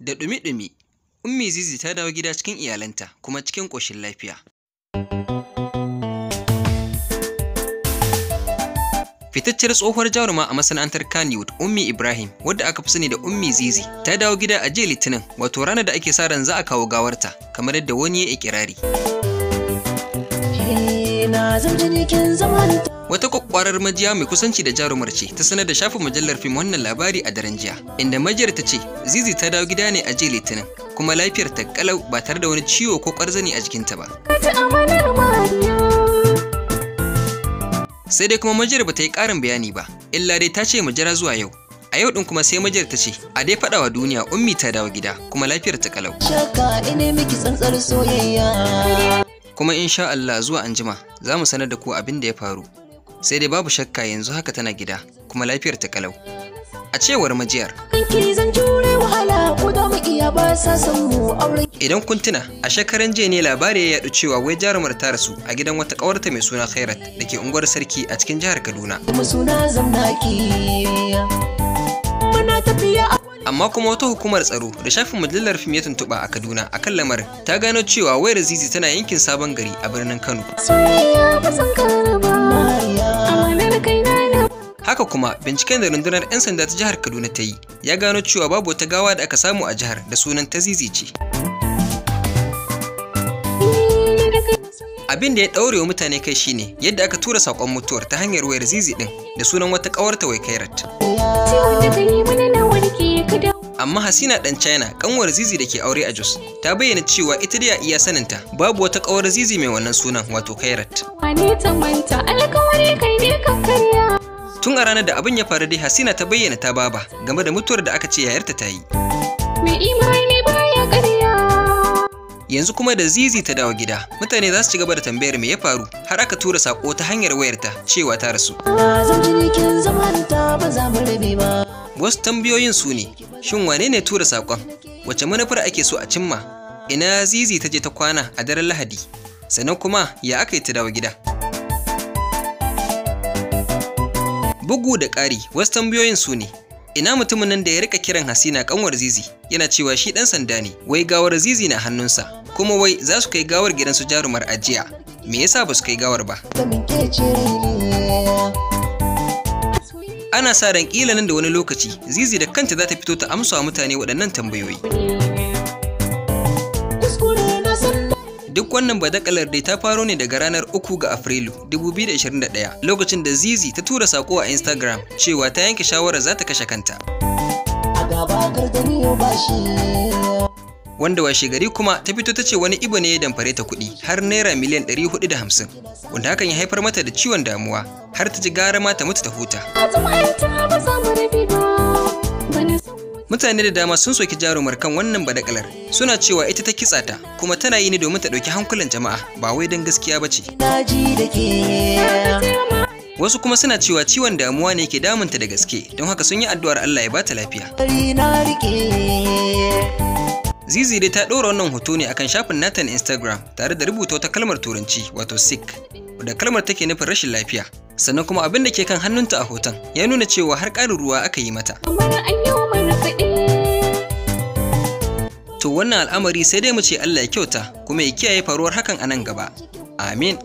da ɗumi-ɗumi, Ummi Zizi ta dawo gida cikin iyalanta kuma cikin ƙoshin lafiya. Fitacciyar tsohuwar jaruma a masana'antar Kannywood, Ummi Ibrahim, wadda aka fi sani da Ummi Zizi, ta dawo gida a jiya Litinin, wato ranar da ake sa ran za a kawo gawarta, kamar yadda wani ya ikirari. na Wata kwakwarar majiya mai kusanci da jarumar ce ta sanar da shafin mujallar fim wannan labari a daren jiya, inda majiyar ta ce Zizi ta dawo gida ne a jiya Litinin, kuma lafiyar ta kalau ba tare da wani ciwo ko kwarzani a jikinta ba. Sai dai kuma majiyar ba ta yi ƙarin bayani ba, illa dai ta ce mu jira zuwa yau. A yau din kuma sai majiyar ta ce, a dai faɗa wa duniya ummi ta dawo gida kuma lafiyar ta kalau. Shaka tsantsar soyayya. kuma insha Allah zuwa anjima za mu sanar da ku abin da ya faru sai dai babu shakka yanzu haka tana gida kuma lafiyar ta kalau a cewar majiyar idan kun tuna a shekaran jiya ne labari ya yaɗu cewa wai jarumar ta rasu a gidan wata ƙawarta mai suna khairat da ke unguwar sarki a cikin jihar kaduna amma kuma wata hukumar tsaro da shafin mujallar fim ya tuntuɓa a kaduna akan lamarin ta gano cewa wayar zizi tana yankin sabon gari a birnin kano haka kuma binciken da rundunar 'yan sanda ta jihar kaduna ta yi ya gano cewa babu wata gawa da aka samu a jihar da sunan ta zizi ce abin da ya ɗaure wa mutane kai shine yadda aka tura saƙon mutuwar ta hanyar wayar zizi ɗin da sunan wata ƙawarta wai kairat Amma Hasina ɗan China ƙanwar Zizi da ke aure a Jos ta bayyana cewa ita dai a iya saninta babu wata ƙawar Zizi mai wannan sunan wato Kairat. Tun a ranar da abin ya faru dai Hasina ta bayyana ta baba game da mutuwar da aka ce yayarta ta yi. Yanzu kuma da Zizi ta dawo gida, mutane za su ci gaba da tambayar me ya faru har aka tura saƙo ta hanyar wayarta cewa ta rasu. Wasu tambayoyin su ne, shin wane ne tura saƙon? Wace manufar ake so a cimma? Ina Zizi ta je ta kwana a daren Lahadi? Sannan kuma ya aka yi ta dawo gida? Bugu da ƙari, wasu tambayoyin su ne, ina mutumin nan da ya rika kiran Hasina kanwar Zizi yana cewa shi ɗan sanda ne wai gawar Zizi na hannunsa kuma wai za su kai gawar gidan su jarumar ajiya me yasa ba su kai gawar ba ana sa ran kila nan da wani lokaci zizi da kanta za ta fito ta amsa wa mutane waɗannan tambayoyi duk wannan badakalar dai ta faro ne daga ranar 3 ga afrilu 2021 lokacin da zizi ta tura sako a instagram cewa ta yanke shawarar za ta kashe kanta a gaba ba shi wanda washe gari kuma ta fito ta ce wani ibo ne ya damfare ta kuɗi har naira miliyan ɗari 450 wanda hakan ya haifar mata da ciwon damuwa har ta ji gara mata ta mutu ta huta mutane da dama sun soki jarumar kan wannan badakalar suna cewa ita ta kitsa ta kuma tana yi ne domin ta ɗauki hankulan jama'a ba wai don gaskiya ba ce wasu kuma suna cewa ciwon damuwa ne ke damunta da gaske don haka sun yi addu'ar Allah ya bata lafiya zizi dai ta ɗora wannan hoto ne akan shafin nata na Instagram tare da rubuta wata kalmar turanci wato sick da kalmar take nufin rashin lafiya. Sannan kuma abin da ke kan hannunta a hoton ya nuna cewa har ƙarin ruwa aka yi mata. To wannan al'amari sai dai mu ce Allah ya kyauta kuma ya kiyaye faruwar hakan a nan gaba. Amin.